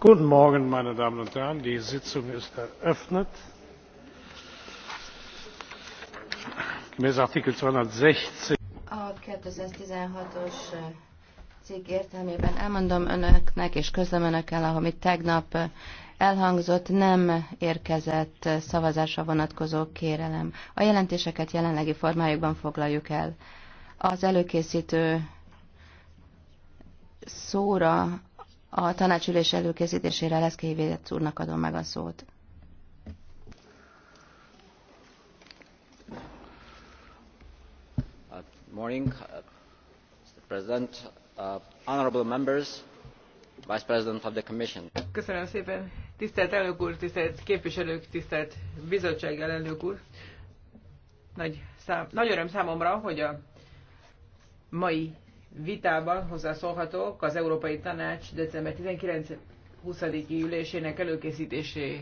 Guten Morgen, meine Damen und Herren. Die Sitzung ist eröffnet. Gemäß Artikel 216. A 216-os cikk értelmében elmondom önöknek és közlöm önökkel, amit tegnap elhangzott, nem érkezett szavazásra vonatkozó kérelem. A jelentéseket jelenlegi formájukban foglaljuk el. Az előkészítő szóra a tanácsülés előkészítésére Leszkei Védett úrnak adom meg a szót. Uh, morning, uh, Mr. President, uh, honorable members, Vice President of the Commission. Köszönöm szépen, tisztelt elnök úr, tisztelt képviselők, tisztelt bizottság elnök úr. Nagy, szám, nagy öröm számomra, hogy a mai vitában hozzászólhatok az Európai Tanács december 19-20. ülésének előkészítésé